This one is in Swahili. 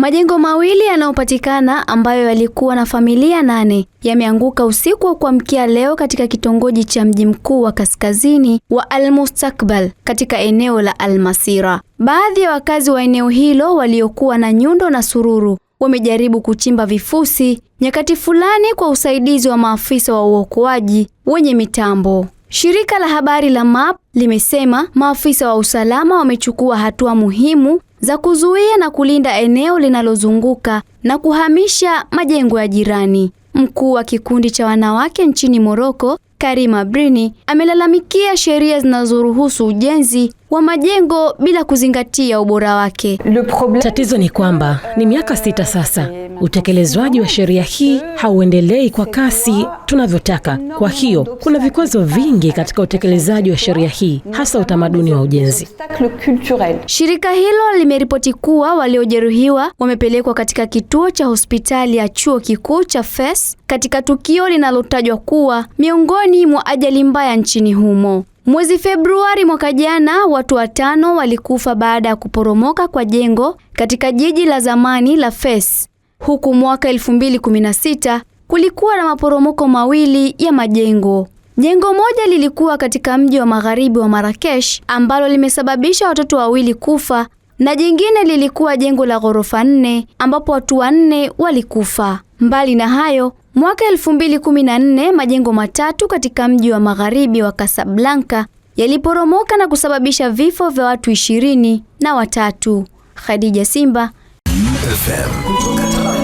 Majengo mawili yanayopatikana ambayo yalikuwa na familia nane yameanguka usiku wa kuamkia leo katika kitongoji cha mji mkuu wa kaskazini wa al mustaqbal katika eneo la Al-Masira. Baadhi ya wakazi wa eneo hilo waliokuwa na nyundo na sururu wamejaribu kuchimba vifusi nyakati fulani kwa usaidizi wa maafisa wa uokoaji wenye mitambo. Shirika la habari la MAP limesema maafisa wa usalama wamechukua hatua muhimu za kuzuia na kulinda eneo linalozunguka na kuhamisha majengo ya jirani. Mkuu wa kikundi cha wanawake nchini Moroko karima brini amelalamikia sheria zinazoruhusu ujenzi wa majengo bila kuzingatia ubora wake. Tatizo ni kwamba ni miaka sita sasa utekelezwaji wa sheria hii hauendelei kwa kasi tunavyotaka. Kwa hiyo kuna vikwazo vingi katika utekelezaji wa sheria hii, hasa utamaduni wa ujenzi. Shirika hilo limeripoti kuwa waliojeruhiwa wamepelekwa katika kituo cha hospitali ya chuo kikuu cha Fes katika tukio linalotajwa kuwa miongoni miongoni mwa ajali mbaya nchini humo. Mwezi Februari mwaka jana, watu watano walikufa baada ya kuporomoka kwa jengo katika jiji la zamani la Fes, huku mwaka 2016 kulikuwa na maporomoko mawili ya majengo. Jengo moja lilikuwa katika mji wa magharibi wa Marrakesh ambalo limesababisha watoto wawili kufa na jingine lilikuwa jengo la ghorofa nne ambapo watu wanne walikufa. Mbali na hayo, Mwaka 2014 majengo matatu katika mji wa magharibi wa Casablanca yaliporomoka na kusababisha vifo vya watu ishirini na watatu. Khadija Simba FM.